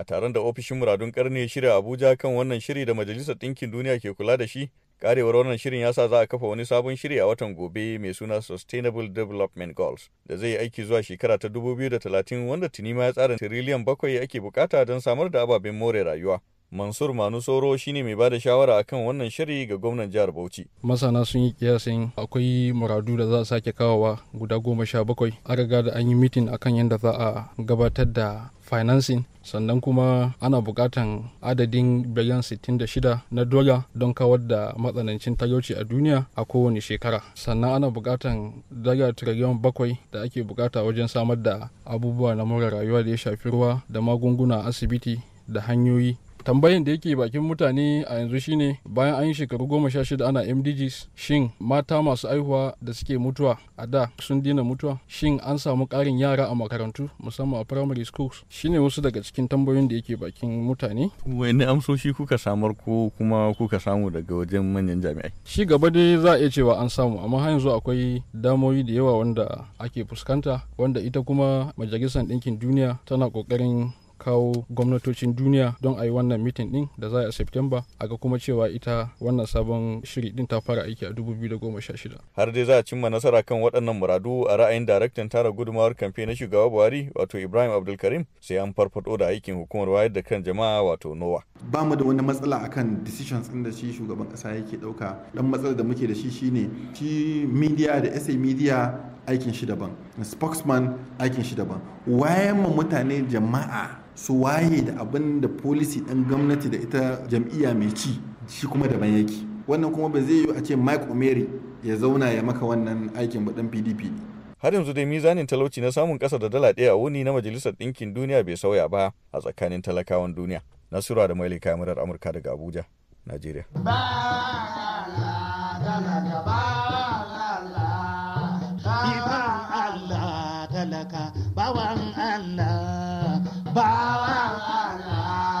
a taron da ofishin muradun karni ya shirya abuja kan wannan shiri da majalisar ɗinkin duniya ke kula da shi karewar wannan shirin ya sa za a kafa wani sabon shiri a watan gobe mai suna sustainable development goals da zai aiki zuwa shekara ta 2030 wanda tuni ma ya tsara tiriliyan bakwai ake bukata don samar da ababen more rayuwa Mansur Manu Soro shine mai bada shawara akan wannan shiri ga gwamnan jihar Bauchi. Masana sun yi kiyasin akwai muradu da za a sake kawowa guda goma sha bakwai. An riga da an yi mitin akan yadda za a gabatar da financing sannan kuma ana bukatan adadin biliyan 66 na dola don kawar da matsanancin talauci a duniya a kowane shekara sannan ana bukatan dala triliyan bakwai da ake bukata wajen samar da abubuwa na more rayuwa da ya shafi ruwa da magunguna asibiti da hanyoyi tambayin da yake bakin mutane a yanzu shine bayan an yi shekaru goma sha shida ana mdgs shin mata masu aihuwa da suke mutuwa a da sun dina mutuwa shin an samu karin yara a makarantu musamman a primary schools shine wasu daga cikin tambayoyin da yake bakin mutane wani amsoshi kuka samar ko kuma kuka samu daga wajen manyan jami'ai shi gaba dai za a iya cewa an samu amma har yanzu akwai damoyi da yawa wanda ake fuskanta wanda ita kuma majalisar ɗinkin duniya tana ƙoƙarin kawo gwamnatocin duniya don a yi wannan mitin din da za a september a ga kuma cewa ita wannan sabon shiri din ta fara aiki a 2016 har dai za a cimma nasara kan waɗannan muradu a ra'ayin daraktan tara gudumawar kamfe na shugaba buhari wato ibrahim abdulkarim sai an farfado da aikin hukumar wayar da kan jama'a wato nowa ba mu da wani matsala akan decisions din da shi shugaban kasa yake dauka dan matsalar da muke da shi shine shi media da sa media aikin shi daban spokesman aikin shi daban wayan mutane jama'a su waye da abin da policy ɗan gwamnati da ita jam'iyya mai ci shi kuma da yake wannan kuma ba zai yi a ce mike omeri ya zauna ya maka wannan aikin ba pdp har yanzu dai mizanin talauci na samun kasa da dala ɗaya a wuni na majalisar ɗinkin duniya bai sauya ba a tsakanin talakawan duniya nasura da maili kamarar amurka daga abuja najeriya bawan Allah bawan Allah